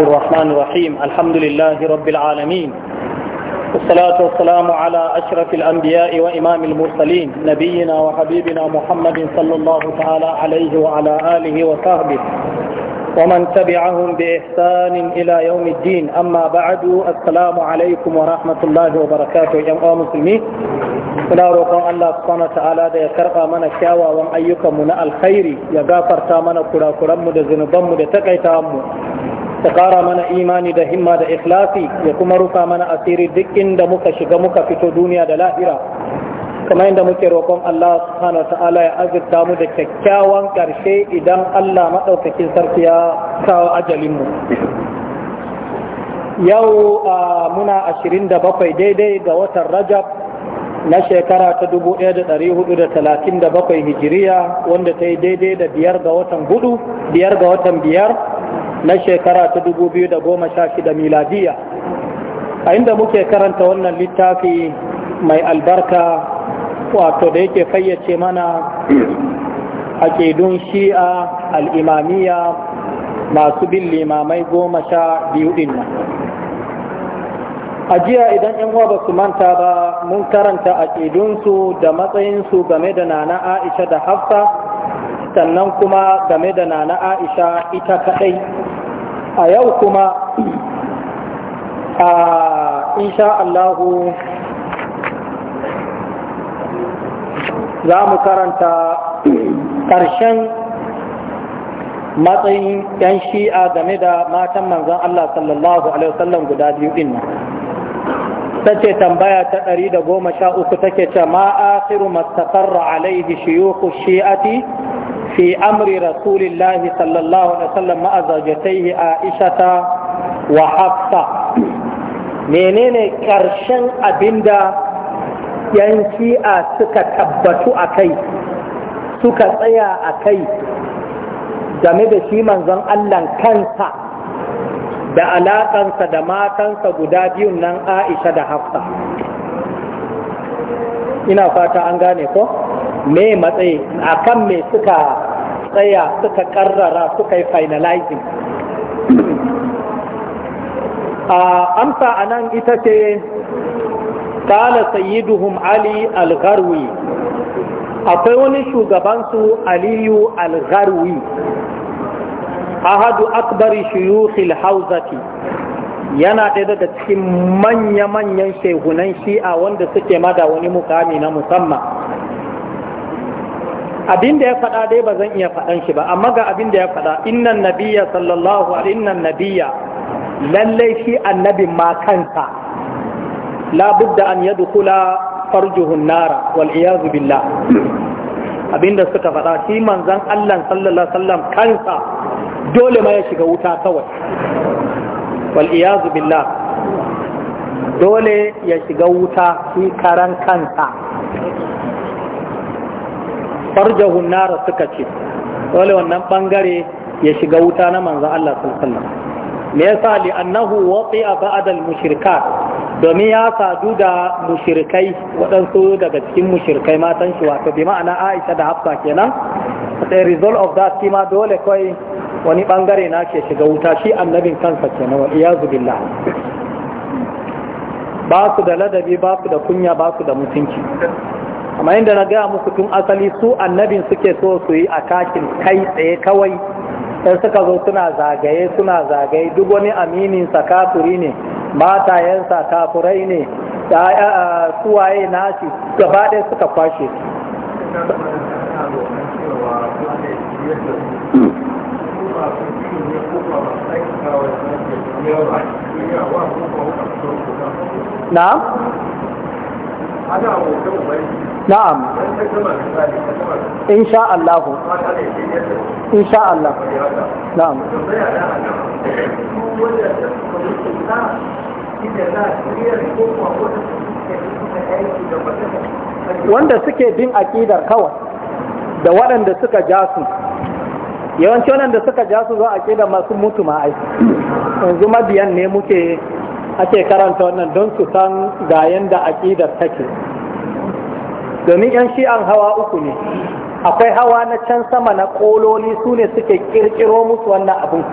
الرحمن الرحيم الحمد لله رب العالمين والصلاة والسلام على أشرف الأنبياء وإمام المرسلين نبينا وحبيبنا محمد صلى الله تعالى عليه وعلى آله وصحبه ومن تبعهم بإحسان إلى يوم الدين أما بعد السلام عليكم ورحمة الله وبركاته يا مسلمين muna roƙon Allah subhanahu ta'ala da ya karɓa mana kyawawan ayyukanmu na alkhairi ya gafarta كرا kurakuranmu da zunubanmu da takaitawanmu ta ƙara mana imani da himma da ikhlasi ya kuma rufa mana asiri duk inda muka shiga muka fito duniya da lahira kamar yadda muke roƙon Allah subhanahu ta'ala ya azurta mu da kyakkyawan ƙarshe idan Allah maɗaukakin sarki ya kawo ajalin mu yau muna bakwai daidai ga watan Rajab na shekara ta bakwai hijiriya wanda ta yi daidai da biyar ga watan hudu biyar ga watan biyar na shekara ta da 2016 miladiya a inda muke karanta wannan littafi mai albarka wato da yake fayyace mana aƙidun shi'a al'imamiya masu bin limamai goma sha biyu din nan a jiya idan yan uwa ba su manta ba mun karanta aƙidunsu da matsayinsu game da nana aisha da hafsa sannan kuma game da nana aisha ita kaɗai a yau kuma a insha Allahu za mu karanta ƙarshen matsayin 'yan shi'a game da matan manzan Allah sallallahu Alaihi wasallam guda biyu ɗin nan. ta ce tambaya ta ɗari da goma sha uku take ce ma akhiru mastakarra alaihi shiyuku shi'ati في أمر رسول الله صلى الله عليه وسلم مع زوجتيه عائشة وحفصة menene ƙarshen abinda yan shi'a suka tabbatu a kai suka tsaya a kai game da shi manzon Allah kansa da alaƙansa da matansa guda biyun nan Aisha da Hafsa ina fata an gane ko me matsayi akan me suka tsaya suka karrara suka yi finalizing amsa a nan ita ce kala sayyiduhum ali al-gharwi akwai wani shugabansu aliyu al-gharwi ahadu akbari shuyukhil hauzati yana ɗaya daga cikin manya-manyan shehunan shi'a wanda suke mada wani mukami na musamman abin da ya faɗa dai ba zan iya faɗan shi ba amma ga abin da ya faɗa innan nabiyya sallallahu alaihi innan nabiyya lallai shi annabin ma kansa la budda an yadkhula farjuhun nara wal iyaz billah abinda suka faɗa shi manzon Allah sallallahu alaihi wasallam kansa dole ma ya shiga wuta kawai wal iyaz billah dole ya shiga wuta shi karan kansa farjahun nara suka ce dole wannan bangare ya shiga wuta na manzo Allah sallallahu alaihi wasallam me yasa li annahu waqi'a ba'da al-mushrikat domin ya sadu da mushrikai waɗansu daga cikin mushrikai matan shi wato bi ma'ana Aisha da Hafsa kenan the result of that shi ma dole kai wani bangare na ke shiga wuta shi annabin kansa kenan wa iyazu billah ba su da ladabi ba su da kunya ba su da mutunci kamar yadda na gaya musu tun asali su annabin suke so su yi a kakin kai tsaye kawai sai suka zo suna zagaye suna zagaye duk wani aminin kafuri ne matayensa kafurai ne suwaye nashi gaba ɗaya suka kwashe na na'am insha Allah insha Allah na'am wanda suke bin aƙidar kawai da waɗanda suka ja su yawanci waɗanda suka ja su zo aƙidar masu mutu ma'aiki yanzu mabiyan ne muke ake karanta wannan don su san ga yanda aƙidar take domin yan shi'an hawa uku ne akwai hawa na can sama na kololi su ne suke kirkiro musu wannan abin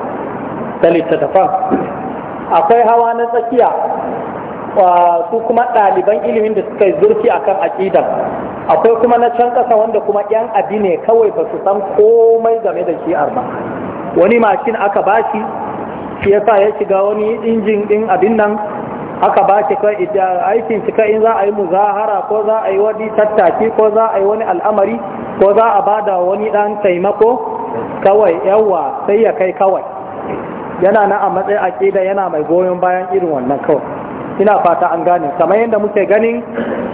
da littattafan akwai hawa na tsakiya su kuma ɗaliban ilimin da suka yi zurfi akan aƙidar akwai kuma na can ƙasa wanda kuma yan abi ne kawai ba su san komai game da shi'ar ba wani mashin aka bashi shi sa ya shiga wani injin din abin nan aka ba shi kai aikin shi kai in za a yi muzahara ko za a yi wani tattaki ko za a yi wani al'amari ko za a bada wani dan taimako kawai yawa sai ya kai kawai yana na a matsayin aƙida yana mai goyon bayan irin wannan kawai ina fata an gane kamar yadda muke ganin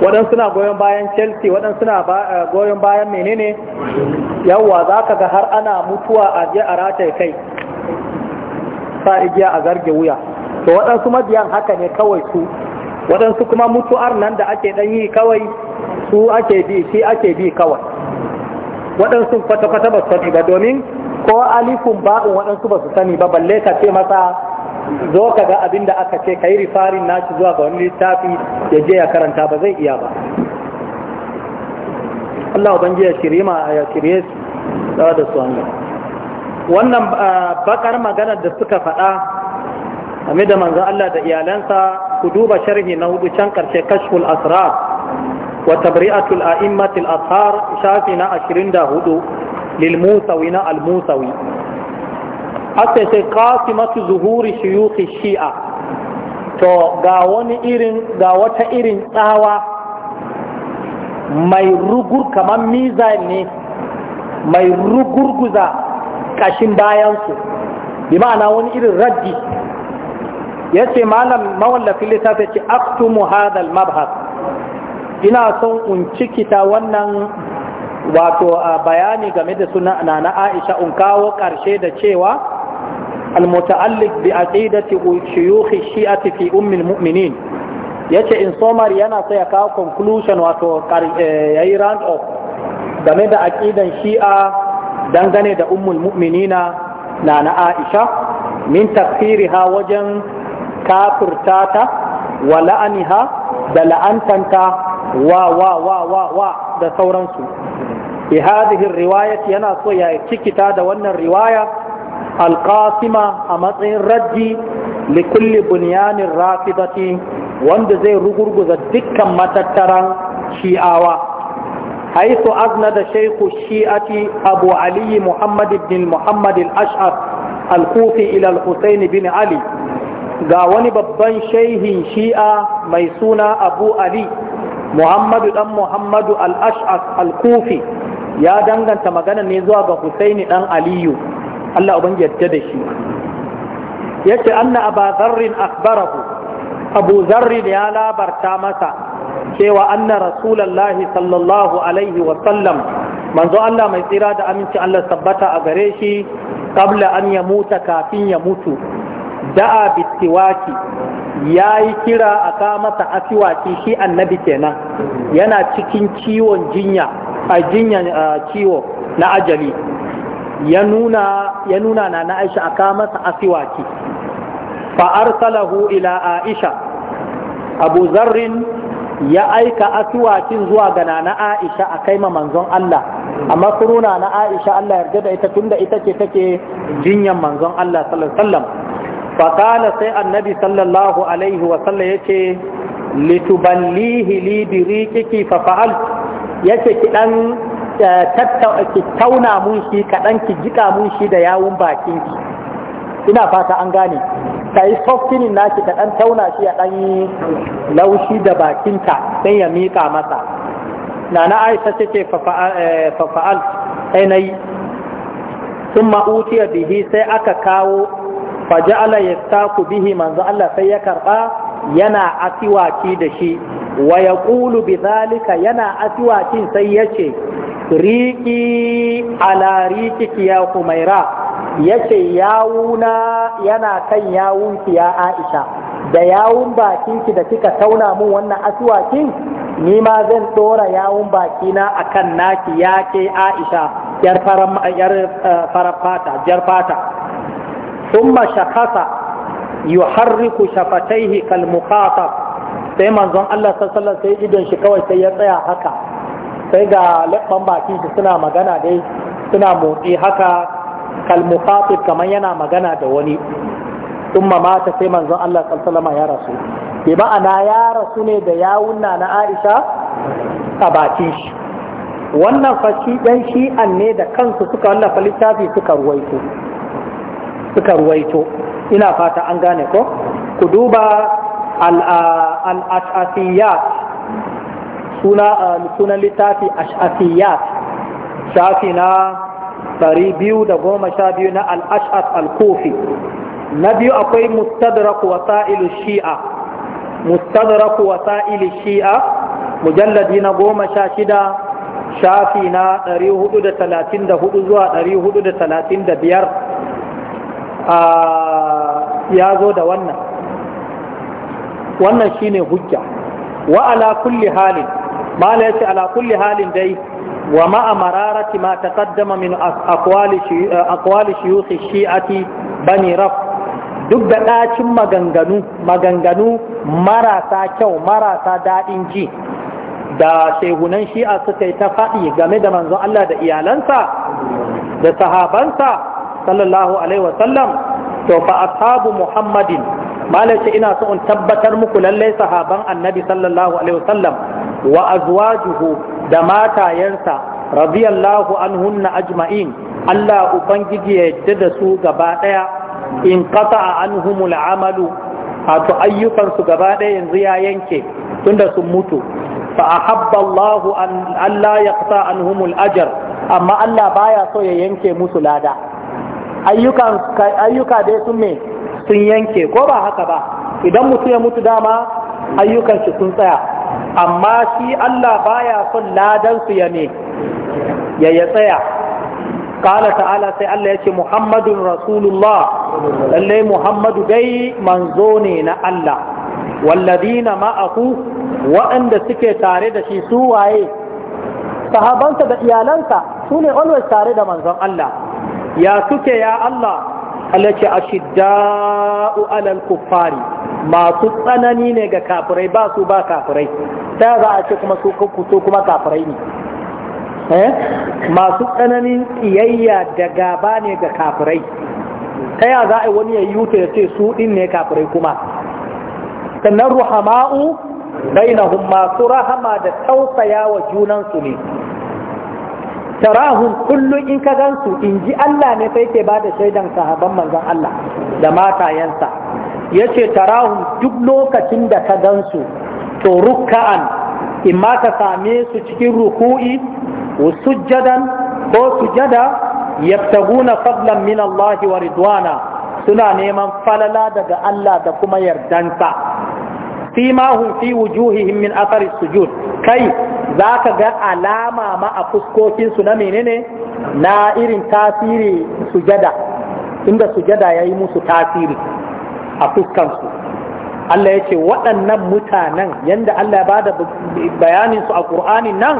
waɗansu suna goyon bayan chelsea waɗansu suna eh, goyon bayan menene yawa za ka ga har ana mutuwa a je a rataye kai sa igiya a zarge wuya to waɗansu mabiyan haka ne kawai su waɗansu kuma mutuwar nan da ake ɗan yi kawai su ake bi shi ake bi kawai waɗansu kwata-kwata ba su sani ba domin ko alifun ba'in waɗansu ba su sani ba balle ka ce masa zo ka ga abin da aka ce ka yi rifarin naci zuwa ga wani littafi ya je ya karanta ba zai iya ba Allah ubangiji ya ya shirye da su wannan wannan ah, bakar maganar da suka faɗa game da manzan Allah da iyalansa ku duba sharhi na hudu can karshe kashful asrar wa tabri'atul a'immatil athar shafi na 24 lil musawi na al musawi hatta sai qasimatu zuhuri shuyukh shi'a to ga wani irin ga wata irin tsawa mai rugur kamar mizan ne mai rugurguza kashin bayansu bi ma'ana wani irin raddi ya ce malam mawallafin littafi ce aktumu hadal mabhas ina son in cikita wannan wato bayani game da suna na aisha in kawo ƙarshe da cewa almuta'alliq bi aqidati shuyukh shi'ati fi ummil mu'minin yace in somar yana so ya kawo conclusion wato eh, yayi round of game da aƙidan shi'a dangane da ummul mu'minina na na aisha min takfiriha wajen kafirta ta wa la'aniha da la'antanta wa wa wa wa wa da sauransu bi hadhihi riwayat yana so ya cikita da wannan riwaya alqasima a matsayin raddi li kulli bunyanin rafidati wanda zai rugurguza dukkan matattaran shi'awa حيث أسند شيخ الشيعة أبو علي محمد بن محمد الأشعر الكوفي إلى الحسين بن علي قاوني ببان شيخ شيعة ميسونا أبو علي محمد بن محمد الأشعر الكوفي يا دنگان تمغانا نزوى بحسين بن علي الله أبن يجد يتأن أبا ذر أخبره أبو ذر يا لا برتامسا cewa anna rasulallahi sallallahu alaihi wasallam manzo Allah mai tsira da aminci Allah tabbata a gare shi kabla an ya muta kafin ya mutu da'a bittiwaki. ya yi kira a kamata asiwaki shi annabi kenan yana cikin ciwon jinya a jinya ciwo na ajali ya nuna na na aisha a kamata asiwaki fa arsalahu ila aisha abu zarrin ya aika asuwacin zuwa gana na Aisha a kai ma manzon Allah amma kuruna na Aisha Allah yarda da ita tunda ita ce take jinyan manzon Allah sallallahu alaihi wasallam fa sai annabi sallallahu alaihi sallam yace lituballihi li birikiki fa fa'al yace ki dan eh, tattauna mun shi ki jika mun shi da yawun bakin ki ina fata an gane ka yi softinin naki ka ɗan tauna shi a ɗan laushi da bakinka sai ya mika masa Nana na aisha ce ce fafa'al eh, sai na yi sun bihi sai aka kawo faja'ala ya bihi manzo Allah sai ya karɓa yana asiwaci da shi wa ya ƙulu bi zalika yana asiwacin sai yace. ce riki ala rikiki ya kumaira yace yawuna yana kan yawunki ya Aisha da yawun bakinki da kika tauna mun wannan asuwakin ni ma zan dora yawun bakina akan naki yake ke Aisha yar farafata eh, jar fata thumma shakasa yuharriku shafataihi kal muqata sai manzon Allah sallallahu alaihi sai idon shi kawai sai ya tsaya haka sai ga labban baki suna magana dai suna motsi haka kalmukhatib kamar yana magana da wani umma mata sai manzon Allah sallallahu ya rasu bi ma'ana ya rasu ne da yawunna na Aisha a bakin shi wannan fashi dan shi'an ne da kansu suka wallafa littafi suka ruwaito suka ruwaito ina fata an gane ko ku duba al-ash'afiyat suna sunan littafi ash'afiyat shafi na ɗari biyu da goma sha biyu na al'ashar al-kufi na biyu akwai mustadraku wasa'ilu shi'a mustadraku wasa'ilu shi'a mujalladi na goma sha shida shafi na ɗari hudu da talatin da hudu zuwa ɗari hudu da talatin da biyar ya zo da wannan wannan shine hujja wa ala kulli halin mala yace ala kulli halin dai ومع مرارة ما تقدم من أقوال أقوال شيوخ الشيعة بني رفع duk da ɗacin maganganu maganganu marasa kyau marasa daɗin ji da shehunan shi'a suka yi ta faɗi game da manzon Allah da iyalansa da sahabansa sallallahu alaihi wasallam to fa ashabu muhammadin malace ina so in tabbatar muku lallai sahaban annabi sallallahu alaihi wasallam wa azwajuhu da matayensa radiyallahu anhunna ajma'in Allah ubangiji ya yadda da su gaba daya in qata anhumul amalu to ayyukan su gaba daya yanzu ya yanke tunda sun mutu fa ahabba Allah an Allah yaqta anhumul ajr amma Allah baya so ya yanke musu lada ayyukan ayyuka dai sun me sun yanke ko ba haka ba idan mutu ya mutu dama ayyukan shi sun tsaya amma shi Allah baya son ladan su ya ne ya tsaya Kala ta'ala sai Allah yace Muhammadu Rasulullah Lallai Muhammadu dai manzo ne na Allah walladina ma'ahu waɗanda suke tare da shi su waye sahabansa da iyalansa su ne always tare da manzon Allah ya suke ya Allah Allah ce ashidda'u alal kuffari masu tsanani ne ga kafirai ba su ba kafirai ta za a ce kuma su kuma kafirai ne eh? masu tsananin tsiyayya da gaba ne ga kafirai ta ya za a yi wani ya yi wuta ya ce su ɗin ne kafirai kuma sannan ruhama'u bainahum masu rahama da tausaya wa junansu ne Tarahun kullum in ka gansu in ji Allah ne sai ke ba da shaidan sahaban manzon Allah da matayensa ya Yace tarahun duk lokacin da ka gansu to rukka'an in ma ka same su cikin ruku'i sujjadan ko sujada yabtaguna fadlan min Allah wa ridwana suna neman falala daga Allah da kuma yardansa ma hum fi wujuhihim min athari sujud kai za ka ga alama ma a fuskokinsu na menene na irin tasiri sujada inda sujada ya yi musu tasiri a fuskansu Allah ya ce waɗannan mutanen yadda Allah ya bada bayaninsu a ƙur'ani nan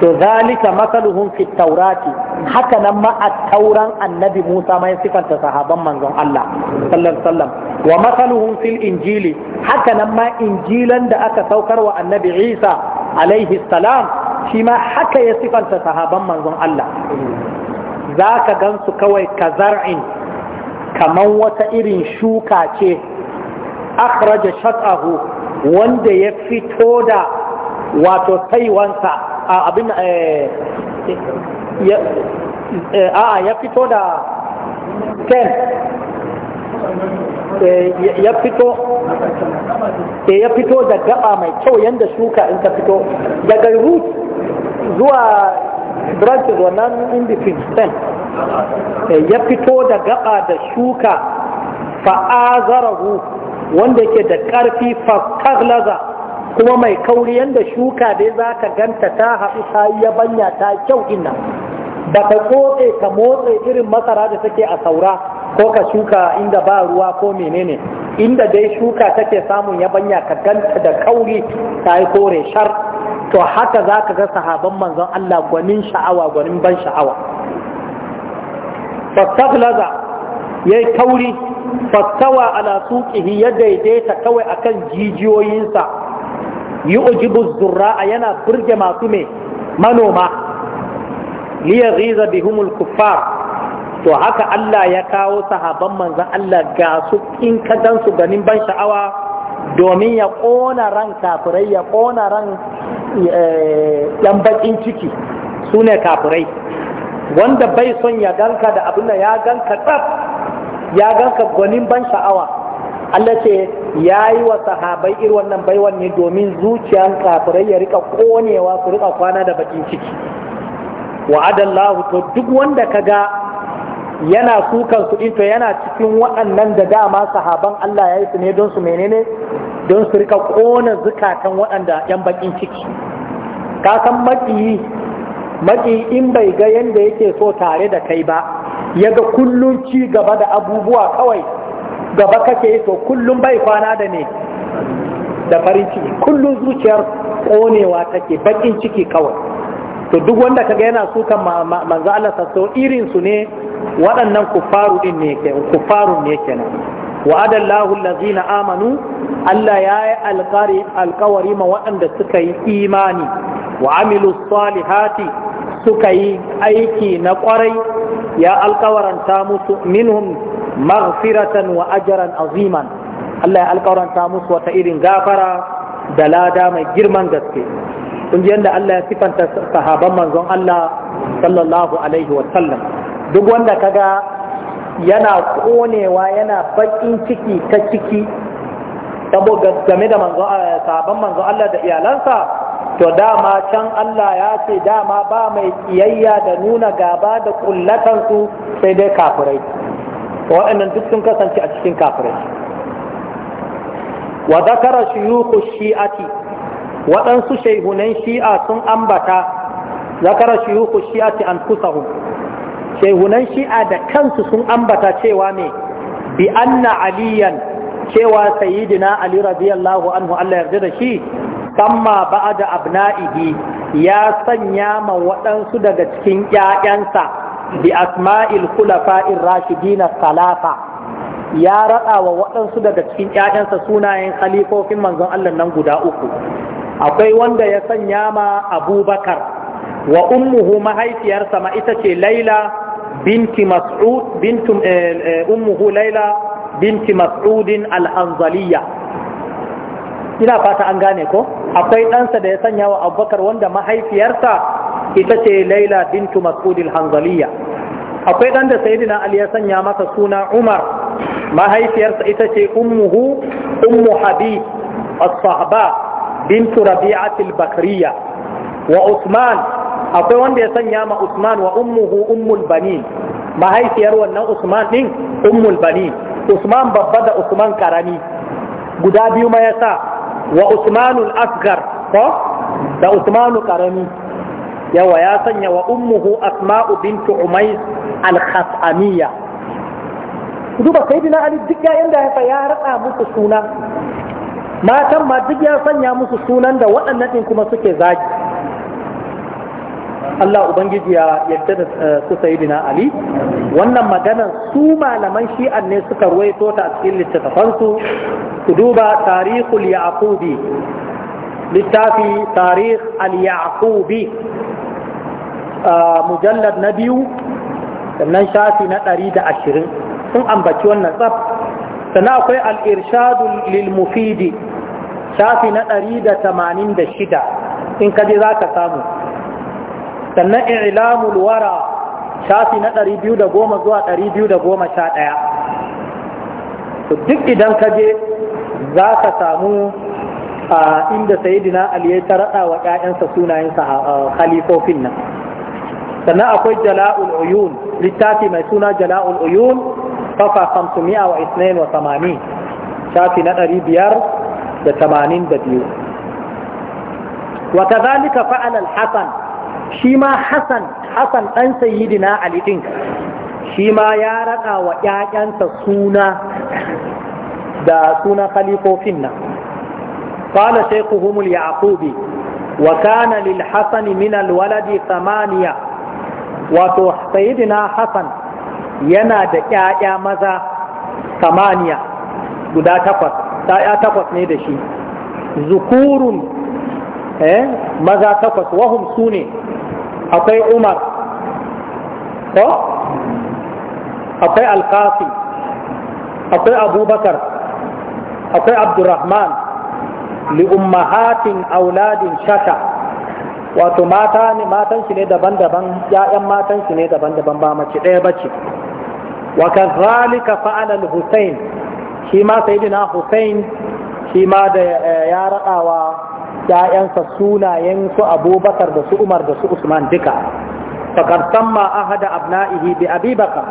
to zalika masaluhun fi taurati haka nan ma a tauran annabi Musa mai sifanta sahaban manzon Allah sallallahu sallam wa masaluhun fil injili haka nan ma injilan da aka saukar wa annabi Isa alaihi shi ma haka ya sifanta sahaban manzon Allah za ka gansu kawai ka zar'in kamar wata irin shuka ce Akraja shat'ahu wanda ya fito da wato taiwansa a abin eh, a eh, ya fito da ten Eh, ya fito eh, ya fito da gaba mai kyau yadda shuka in ta fito daga root zuwa branches wannan in between eh, ya fito da gaba da shuka fa'azarahu wanda yake da ƙarfi fa'aglaza kuma mai kauri yadda shuka dai za ka ganta ta haɗu ta iya banya ta kyau inna ba ta kotse ka motsa irin masara da take a saura ko ka shuka inda ba ruwa ko menene inda dai shuka take samun yabanya ka ganta da kauri ta yi kore shar to haka za ka ga sahaban manzon Allah gwanin sha'awa gwanin ban sha'awa fastaglaza ya yi kauri fastawa ala suqihi ya daidaita kawai akan jijiyoyinsa yi ujibu zurra'a yana burge masu mai manoma liya ghiza bihumul kuffar to haka Allah ya kawo sahaban manzan Allah ga su in ka su ganin ban sha'awa domin ya ƙona ran kafirai ya ƙona ran eh, yan bakin ciki su ne kafirai wanda bai son ya ganka da abin da ya ganka tsaf ya ganka gwanin ban sha'awa Allah ce ya yi wa sahabai irin wannan baiwan ne domin zuciyan kafirai ya rika ƙonewa su rika kwana da bakin ciki wa'adallahu to duk wanda ka ga yana kukan su to yana cikin waɗannan da dama sahaban Allah ya yi su ne don su menene don su rika ƙona zukatan waɗanda yan bakin ciki ka san maƙiyi in bai ga yadda yake so tare da kai ba ya ga kullum ci gaba da abubuwa kawai gaba kake to kullum bai kwana da ne da farin ciki kullum zuciyar ƙonewa take bakin ciki kawai to duk wanda kaga yana sukan manzo Allah sasso irin su ne waɗannan kufaru din ne ke kufaru ne kenan wa adallahu allazina amanu Allah ya yi alqari ma waɗanda suka yi imani wa amilu salihati suka yi aiki na ƙwarai ya alƙawaranta musu minhum maghfiratan wa ajran aziman Allah ya alƙawaranta musu wata irin gafara da lada mai girman gaske kun ji yadda Allah ya sifanta sahaban manzon Allah sallallahu alaihi wa sallam duk wanda kaga yana konewa yana baƙin ciki ta ciki saboda game da manzon eh, sahaban manzon Allah da iyalansa to dama can Allah ya ce dama ba mai kiyayya da nuna gaba da kullatansu sai dai kafirai waɗannan duk sun kasance a cikin kafirai wa zakara shuyukhu shi'ati waɗansu shaihunan shi'a sun ambata zakara shiyuku shi'ati an kusahum shaihunan shi'a da kansu sun ambata cewa ne bi anna aliyan cewa sayyidina ali radiyallahu anhu Allah yarda da shi kamma ba'da abna'ihi ya sanya ma waɗansu daga cikin ƴaƴansa bi asma'il khulafa'ir rashidina salafa ya raɗa wa waɗansu daga cikin ƴaƴansa sunayen khalifofin manzon Allah nan guda uku akwai wanda ya sanya ma abubakar wa ummuhu mahaifiyarsa ma ita ce laila binti mas'ud bintu eh, eh, ummuhu laila binti mas'udin al ina fata an gane ko akwai ɗansa da ya sanya wa abubakar wanda mahaifiyarsa ita ce laila bintu mas'udin al akwai ɗan da sayidina ali ya sanya masa suna umar mahaifiyarsa ita ce ummuhu ummu habib as-sahaba bintu rabi'atil bakriya wa usman akwai wanda ya sanya ma usman wa ummuhu ummul banin mahaifiyar wannan usman din ummul banin usman babba da usman karami guda biyu ma yasa wa usmanul asgar ko da usmanu karami yawa ya sanya wa ummuhu asma'u bintu umais al-khasamiyya duba sayyidina ali duk yayin da ya ya rada musu suna matan ma duk ya sanya musu sunan da waɗannan ɗin kuma suke zagi Allah Ubangiji ya yadda da eh, su sayidina Ali wannan maganar su malaman shi'an ne suka ruwaito ta a cikin littattafansu su duba tarihul yaqubi littafi tarih al-yaqubi mujallad na biyu sannan shafi na ɗari da ashirin sun ambaci wannan tsaf sannan akwai al-irshadu lil mufidi shafi na ɗari da tamanin da shida in kaji za ka samu sannan ilamul wara shafi na ɗari biyu da goma zuwa ɗari biyu da goma sha ɗaya to duk idan kaje za ka samu a inda sayidina ali ta raɗa wa ƴaƴansa sunayensa a khalifofin nan sannan akwai jala'ul uyun littafi mai suna jala'ul uyun kafa 582 shafi na ɗari biyar da tamanin da biyu wata zalika fa'alal hassan shi ma hassan hassan ɗan sayidina ali ɗin shi ya raɗa wa ‘ya'yansa suna da sunan khalifofin nan قال شيخهم اليعقوبي وكان للحسن من الولد ثمانية وتو سيدنا حسن yana da ‘ya'ya maza samaniya guda takwas ya'ya takwas ne da shi zukurun eh maza takwas wahum su ne akwai umar ko akwai alkasim akwai abubakar akwai abdurrahman li'ummahatin auladin shata wato mata ne matan shi ne daban-daban ya'yan matan shi ne daban-daban ba mace ɗaya bace wa kazalika fa'ala al-husayn shi ma sayyidina Hussein shi ma da eh, ya raɗawa ‘ya'yansa sunayen su abubakar da su umar da su usman duka fakar samma ahada abna'ihi bi abubakar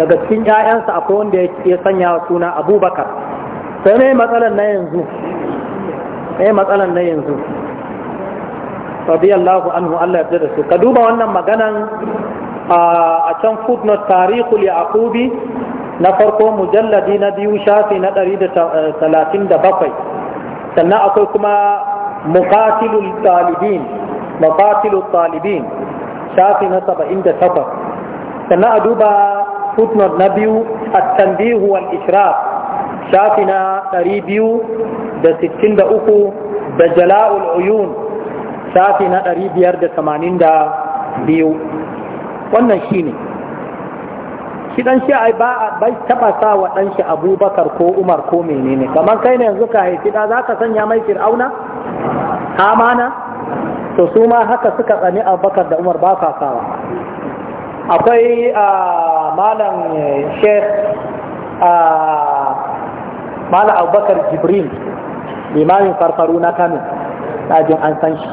daga cikin ‘ya'yansa akwai wanda ya sanya suna abubakar sai mai matsalan na yanzu mai matsalan na yanzu radiyallahu anhu Allah ya da su ka duba wannan maganan ah, a can footnote tarihul yaqubi na farko mujalladi na biyu shafi na 137 eh, sannan akwai kuma muqatilul talibin muqatilul talibin shafi na 78 sannan a duba footnote na biyu a tanbih wal ishraf shafi na 263 da jala'ul uyun shafi na 582 wannan shine shi dan shi ai ba bai taba sa wa dan shi Abubakar ko Umar ko menene kamar kai ne yanzu ka haifi da zaka sanya mai Fir'auna Amana to su ma haka suka tsani Abubakar da Umar ba ka sawa akwai malam Sheikh malam Abubakar Jibril limamin farfaru na Kano dajin an san shi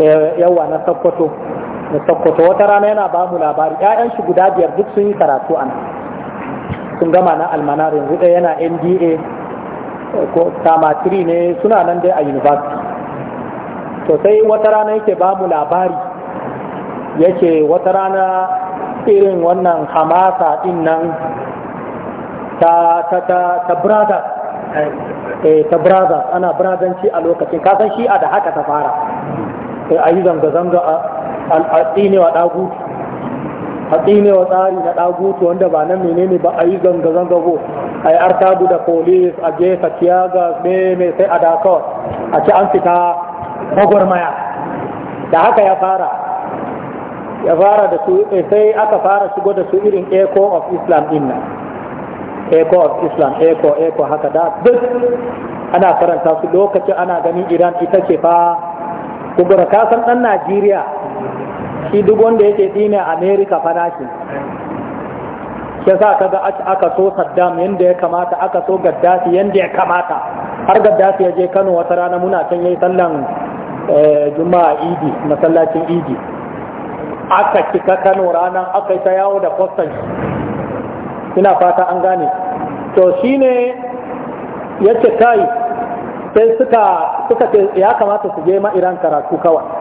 eh, yawa na Sokoto da sokoto wata rana yana ba mu labari 'ya'yan shi guda biyar duk sun yi karatu a nan sun gama na almanar yanzu ɗaya yana nda ko tamatiri ne suna nan dai a university to sai wata rana yake ba mu labari yake wata rana irin wannan hamasa din nan ta ta ta ta brother eh ta brother ana a lokacin kasan shi a da haka ta fara eh, a yi zanga-zanga al'adinewa wa ɗagutu hatsine wa tsari na ɗagutu wanda ba nan menene ba a yi zanga-zanga ko a yi artabu da polis a jefa tiyaga mai sai a dakawar a ci an fita maya. da haka ya fara ya fara da su eh, sai aka fara shigo da su irin echo of islam inna echo of islam echo echo haka da duk ana faranta su lokacin ana ganin iran ita ce fa kubura kasan ɗan najeriya shi duk wanda yake tsine Amerika farashi shi sa kaga aka so saddam yadda ya kamata aka so gaddafi yadda ya kamata har gaddafi ya je kano wata rana muna can yayi sallan eh, juma'a idi masallacin idi aka cika kano ranar aka yi ta yawo da kwastan ina fata an gane to shine ya ce kai sai suka suka ya kamata su je ma iran karatu kawai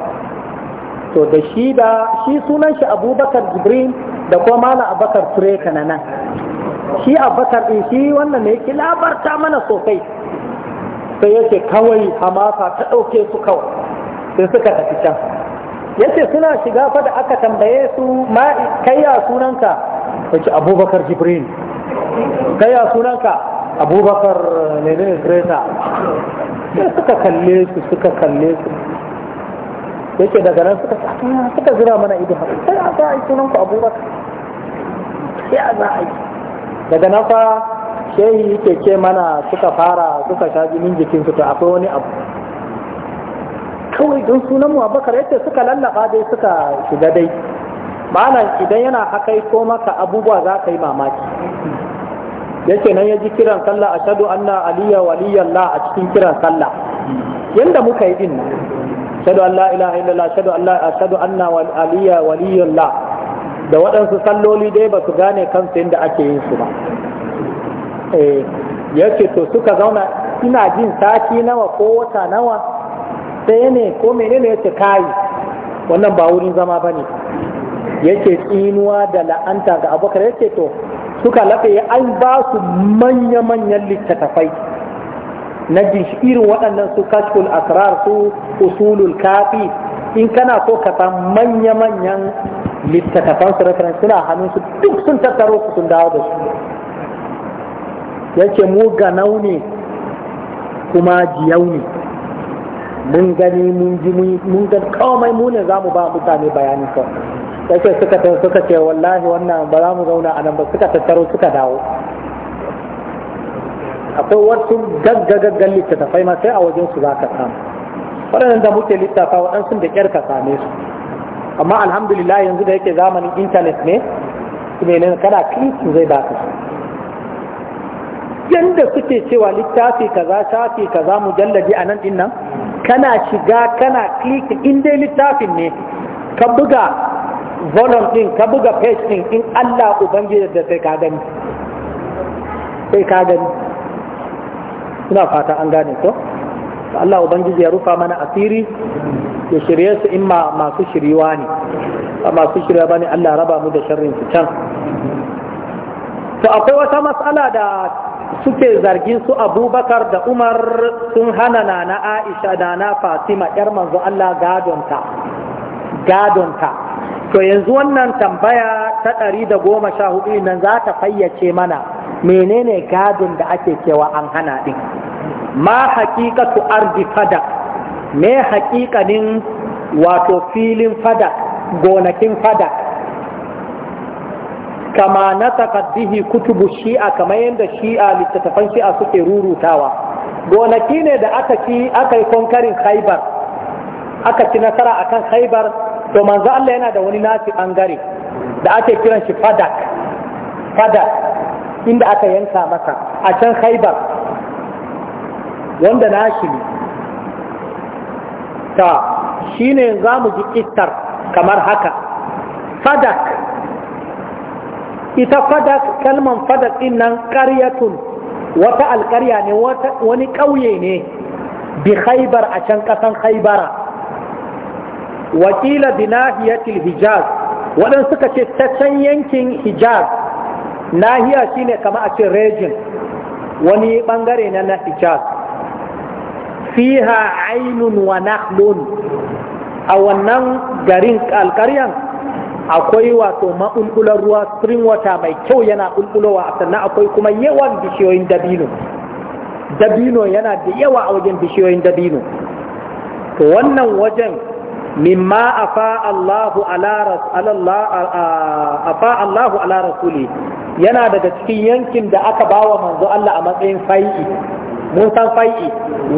to da shi da shi sunan shi abubakar Jibrin, da kuma mala abubakar tureka na nan shi abubakar din shi wannan ne ki labarta mana sosai sai yake kawai hamasa ta ɗauke su kawai sai suka tafi can yace suna shiga fa da aka tambaye su ma kayya sunanka yace abubakar jibril kayya sunanka abubakar ne ne Greta. sai suka kalle su suka kalle su yake daga nan suka ah, suka zira mana ido haka sai a za a yi sunan ku abubakar sai a za a yi daga nan fa shehi yake ce mana suka fara suka sha jinin jikin su to akwai wani abu kawai don sunan mu abubakar yake suka lallaba dai suka shiga dai malam idan yana hakai ko maka abubuwa za ka yi mamaki yake nan ya ji kiran sallah ashadu anna aliyya waliyallah a cikin kiran sallah yanda muka yi din ashhadu an la ilaha illallah ashhadu an la ashhadu anna wal aliya waliyullah da waɗansu salloli dai ba su gane kansu yadda ake yin su ba eh, Ya ce to suka zauna ina jin sati nawa ko wata nawa sai ne ko menene yake kayi wannan ba wurin zama ba ne. Ya ce tsinuwa da la'anta ga Ya ce to suka lafe an ba su manya-manyan littattafai na irin waɗannan su kashful asrar su usulul kafi in kana so ka san manya-manyan littattafan su reference suna hannun su duk sun tattaro su sun dawo da su yace mu ga ne kuma jiyau ne mun gani mun ji mun ga kawai mu ne za mu ba mutane bayani kawai yace suka suka ce wallahi wannan ba za mu zauna a nan ba suka tattaro suka dawo akwai wasu gaggagaggan littattafai ma sai a wajen su za ka samu waɗannan da muke littafa waɗansu da ƙyar ka same su amma alhamdulillah yanzu da yake zamanin intanet ne menene kana kinsu zai baka su yanda suke cewa littafi kaza shafi kaza mujallaji a nan dinnan kana shiga kana klikin in dai littafin ne ka buga volume din ka buga page din in Allah ubangiji da sai ka gani sai ka gani suna fata an gane ko Allah ubangiji ya rufa mana asiri ya shirye su in ma masu shiriwa ne a masu shirya bane Allah raba mu da sharrin su can to akwai wata matsala da suke zargin su abubakar da umar sun hana na na aisha da na fatima yar manzo Allah gadonta gadonta to yanzu wannan tambaya ta ɗari da goma sha hudu nan za ta fayyace mana menene gadin da ake cewa an hana din ma hakikatu ardi fada me haƙiƙanin wato filin fada gonakin fada kama na kutubu shi'a kamar yadda shi'a littattafan shi'a suke rurutawa gonaki ne da aka ci aka yi konkarin haibar aka ci nasara akan haibar to manzo Allah yana da wani nasi bangare da ake kiran shi fadak fadak inda aka yanka maka a can haibar wanda na shi ne ta shi ne za mu ji kistar kamar haka fadak ita fadak kalman fadak din nan karyatun wata alkarya ne wani ƙauye ne bi haibar a can ƙasan haibara wakila bi nahiyatil hijaz waɗansu suka ce ta can yankin hijaz nahiya shine kama a ce region wani bangare na na hijaz fiha ainun wa nahlun a wannan garin alkaryan akwai wato maɓulɓular ruwa spring water mai kyau yana ɓulɓulowa sannan akwai kuma yawan bishiyoyin dabino dabino yana da yawa a wajen bishiyoyin dabino to wannan wajen mimma afa Allahu Allahu ala rasuli yana daga cikin yankin da aka ba wa manzo Allah a matsayin fai'i mun san fai'i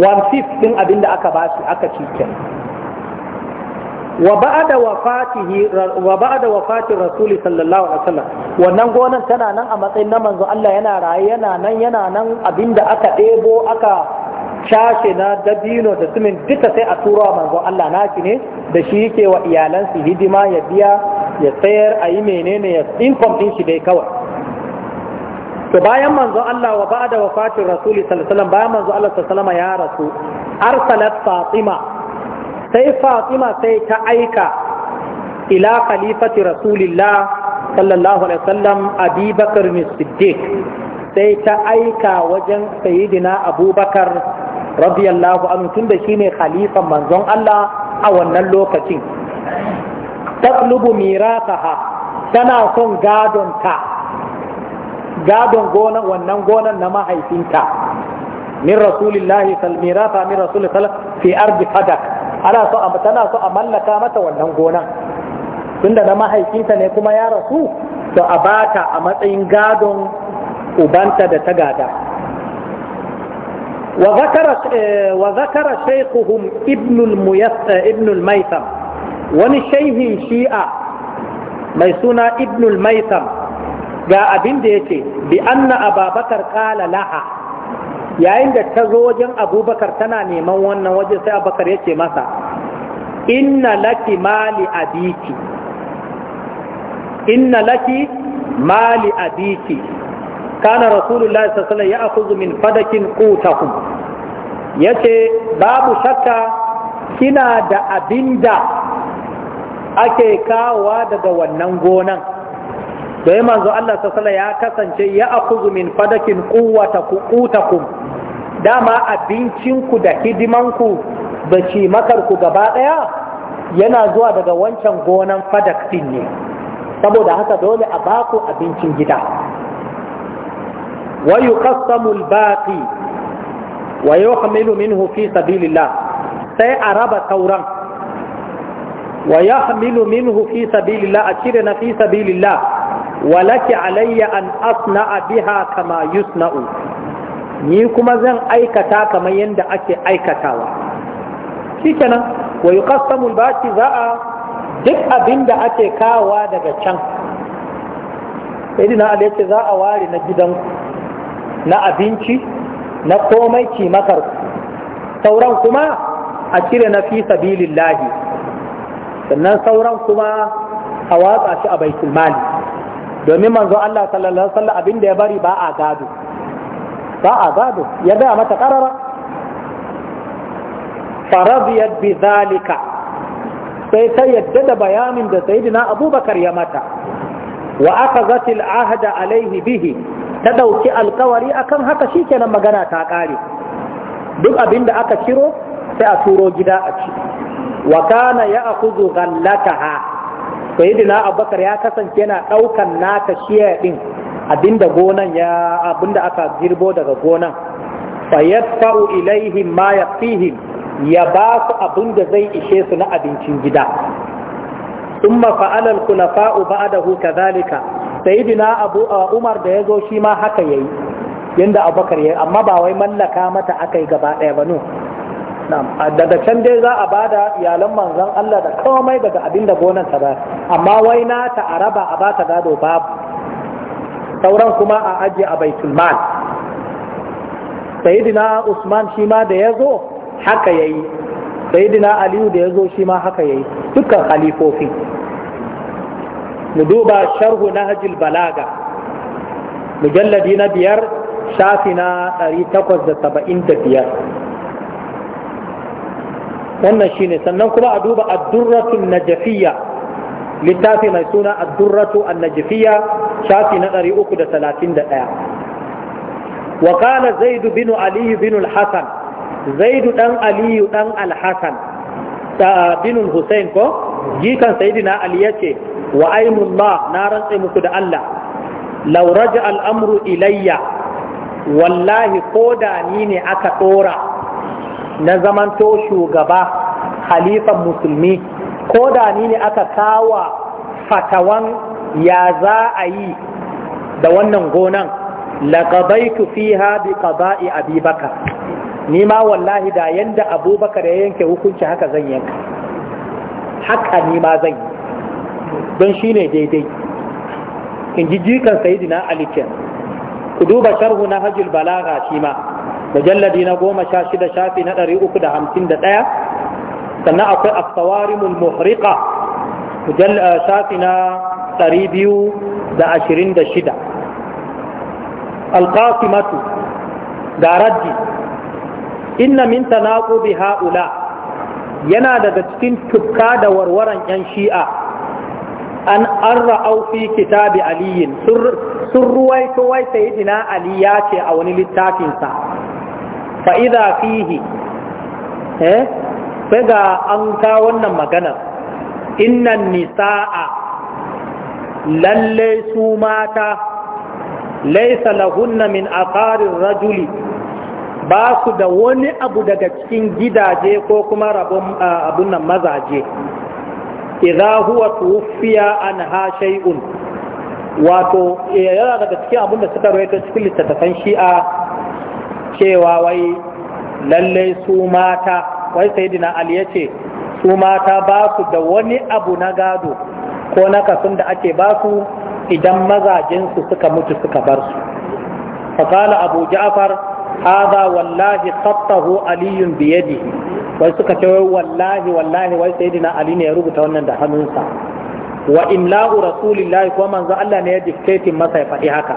one fifth din abin da aka bashi aka ci kenan wa ba'da wafatihi wa ba'da wafati rasul sallallahu alaihi wasallam wannan gonan tana nan a matsayin na manzo Allah yana raye yana nan yana nan abin da aka ɗebo aka shashe na dabino da sumin duka sai a turawa manzo Allah naki ne da shi yake wa iyalansu hidima ya biya ya tsayar a yi menene ya income din shi dai kawai to bayan manzo Allah wa ba'da wafatin rasuli sallallahu alaihi bayan manzo Allah sallallahu alaihi wasallam ya rasu arsalat fatima sai fatima sai ta aika ila khalifati rasulillah sallallahu alaihi wasallam abi bakr siddiq sai ta aika wajen sayyidina abubakar radiyallahu anhu tunda shine khalifan manzon Allah a wannan lokacin tatlubu miraqaha tana son gadon ta gadon gonan wannan gonan na mahaifinta min rasulillahi salmirata min rasulillahi sallallahu fi ardi fadak ana so a tana so a mallaka mata wannan gonan tunda na mahaifinta ne kuma ya rasu to a bata a matsayin gadon ubanta da ta gada wa zakara eh, shaykhuhum ibn al eh, wani shaihin shi'a mai suna ibn al ga abin da yace bi anna ababakar kalalaha laha yayin da ta zo wajen abubakar tana neman wannan waje sai abubakar yace masa inna laki mali abiki inna laki mali abiki kana rasulullahi sallallahu alaihi wasallam ya'khudhu min fadakin qutahum yace babu shakka kina da abinda ake kawowa daga wannan gonan sai manzo Allah sallallahu ya kasance ya akuzu min fadakin quwwatakum qutakum dama abincinku da hidimanku da makarku gaba daya yana zuwa daga wancan gonan fadak din ne saboda haka dole a baku abincin gida wa yuqassamu al-baqi wa yuhmilu minhu fi sabilillah sai a raba sauran wa yahmilu minhu fi sabilillah a cire na fi sabilillah walaki alayya an asna'a biha kama yusna'u ni kuma zan aikata kamar yadda ake aikatawa shikenan wa yuqassamu baki za za'a? duk abinda ake kawa daga can idina Allah ce za ware na gidan na abinci na komai makar sauran kuma a cire na fi sabilillahi sannan sauran kuma a watsa shi a baitul mali domin manzon Allah sallallahu alaihi wasallam abin da ya bari ba a gado ba a gado ya gaya mata karara faradiyat bi zalika sai ta yadda da bayanin da sayyidina abubakar ya mata wa akhazat al ahda alaihi bihi ta dauki alkawari akan haka shikenan magana ta kare duk abin da aka ciro sai a turo gida a ci wa kana ya akhudhu ghallataha sayyidina abubakar ya kasance yana ɗaukan nata shiya ɗin abinda gonan ya abinda aka girbo daga gonan fayadfa'u ilaihim ma ya yaqihim ya ba su da zai ishe su na abincin gida thumma fa'ala al-khulafa'u ba'dahu kadhalika sayyidina abu umar da yazo shi ma haka yayi yanda abubakar yayi amma ba wai mallaka mata akai gaba ɗaya ba no daga can dai za a bada iyalan manzon Allah da komai daga abin da gonan ta ba amma wai na ta araba a ba ta gado babu sauran kuma a ajiye a baitul mal sayyidina Usman shi ma da zo haka yayi sayyidina Aliyu da ya shi ma haka yayi dukkan khalifofi mu duba sharhu nahjul balaga mujalladi na biyar shafi na 875 wannan shine sannan kuma a duba na jafiya littafi mai suna addurratu jafiya shafi na 331 wa qala Zaidu bin Aliyu bin al Zaidu zaid dan Aliyu dan Alhassan hasan ta bin al-husayn ko jikan sayyidina ali yace wa ainullah na rantse muku da Allah Lauraji Al'amru ilayya wallahi ko da ni ne aka ɗora? na zamanto shugaba halifan musulmi ko da ni ne aka kawa fatawan ya za a yi da wannan gonan laqabaitu fiha bi qada'i abubakar ni ma wallahi da yanda abubakar ya yanke hukunci haka zan yanka haka ni ma zan yi don shine daidai in ji jikan sayidina ali ku duba sharhu na hajjul balaga shi ma mujalladi na goma sha shida shafi na ɗari uku da hamsin da ɗaya sannan akwai asawarimul muhriqa eh, shafi na ɗari biyu da ashirin da shida alƙasimatu ga raddi inna min tanaqubi haula yana daga cikin tukka da warwaran 'yan shi'a an arra'au fi kitabi aliyin sun ruwaito wai saidina ali ya ce a wani littafinsa Fa'iza fihi eh sai ga an ka wannan magana innan nisa'a lalle su mata laisa lahunna min aqarir rajuli ba su da wani abu daga cikin gidaje ko kuma rabon abun nan mazaje idza huwa tuwfiya an ha shay'un wato yana daga cikin abun da suka rawaito cikin littattafan shi'a cewa wai lallai su mata wai sayyidina ali ya ce su mata ba su da wani abu na gado ko na kasun da ake ba su idan mazajensu suka mutu suka bar su faƙala abu ja'far haza wallahi khattahu aliyun biyadihi wai suka ce wai wallahi wallahi wai sayyidina ali ne ya rubuta wannan da hannunsa wa imla'u rasulillahi ko manzo Allah ne ya dictate masa ya faɗi haka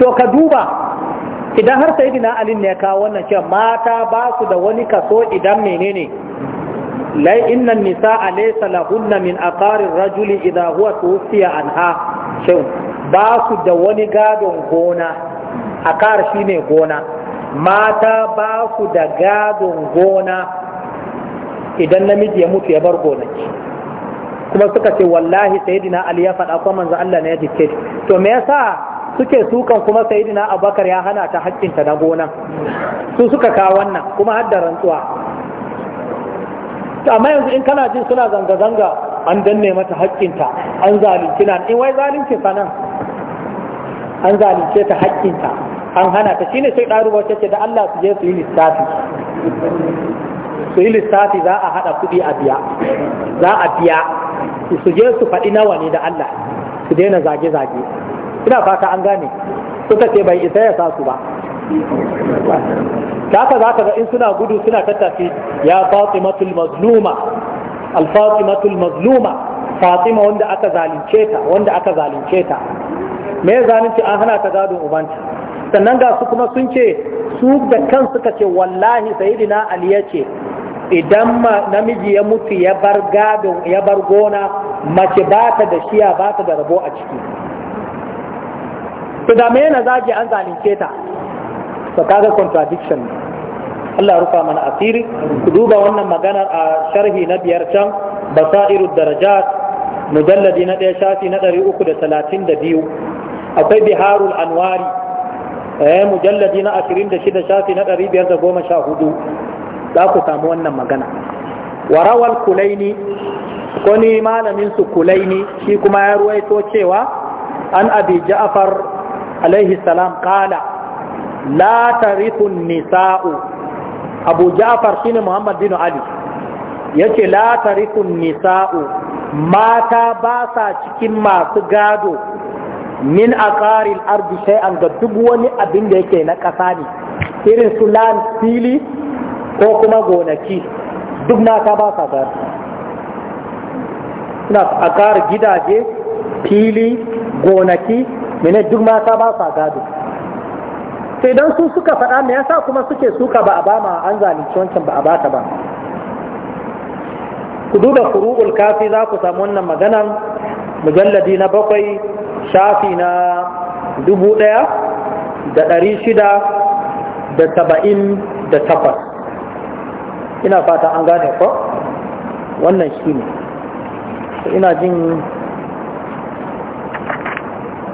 to ka duba idan har saidina ali ne ya kawo wannan cewa mata ba su da wani kaso idan menene lai inna nisa alaysa lahunna min aqari rajuli idha huwa tuwfiya anha shin ba su da wani gadon gona aqar shine gona mata ba su da gadon gona idan namiji ya mutu ya bar gonaki kuma suka ce wallahi sayyidina ali ya faɗa kuma manzo Allah ne ya dace to me yasa suke sukan kuma sayidina abubakar ya hana ta haƙƙinta na gona su suka kawo wannan kuma har da rantsuwa amma yanzu in kana jin suna zanga-zanga an danne mata haƙƙinta an zalunce na, in wai zalunci nan, an zalunce ta haƙƙinta an hana ta shine sai ɗaru wacce ce da Allah su je su yi lissafi su yi lissafi za a haɗa kuɗi a biya za a biya su je su faɗi nawa ne da Allah su daina zage-zage ina fata an gane suka ce bai isa ya sa su ba ta haka za ka ga in suna gudu suna tattafi ya fatimatul mazluma al-fatimatul mazluma fatima wanda aka zalunce ta wanda aka zalunce ta me zalunci an hana ta gadon ubanta sannan ga su kuma sun ce su da kan suka ce wallahi sayyidina ali ya ce idan namiji ya mutu ya bar gadon ya bar gona mace ba ta da shiya ba ta da rabo a ciki to da me yana zagi an zalunce ta to kaga contradiction Allah ya rufa mana asiri ku duba wannan maganar a sharhi na biyar can basairu darajat mujalladi na ɗaya shafi na ɗari uku da talatin da biyu akwai biharul anwari eh mujalladi na ashirin da shida shafi na ɗari biyar da goma sha hudu za ku samu wannan magana warawal kulaini ko ni malamin su kulaini shi kuma ya ruwaito cewa an abi ja'far alaihi kala la tarithun nisa'u abu ja'far shine muhammad bin ali yace la tarithun nisa'u mata ba sa cikin masu gado nin aqaril ardi shay'an ga duk wani abin da yake na ƙasa ne irin su land fili ko kuma gonaki duk mata gado suna gidaje fili gonaki mene duk mata ba sa gado sai don su suka faɗa me yasa kuma suke suka ba a ba ma an zalunci wancan ba a ba ta ba ku duba furu'ul kafi za ku samu wannan maganan mujalladi na bakwai shafi na dubu ɗaya da ɗari shida da saba'in da takwas ina fata an gane ko wannan shi ne ina jin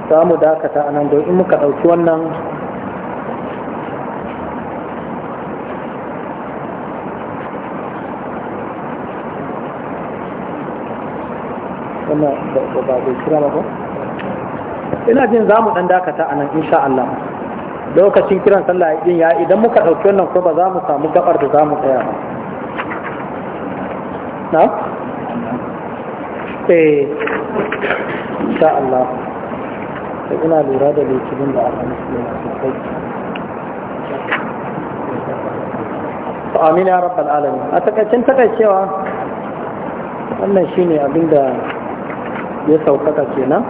za mu dakata a nan don in muka ɗauki wannan ina jin za mu ɗan dakata a nan insha Allah lokacin kiran sallah ya ya idan muka ɗauki wannan ko ba za mu samu gabar da za mu tsaya ba na? eh insha Allah da ina lura da laifin da aka musu sosai amin ya rabbal alamin a takaicin takaicewa wannan shine abin da ya saukaka kenan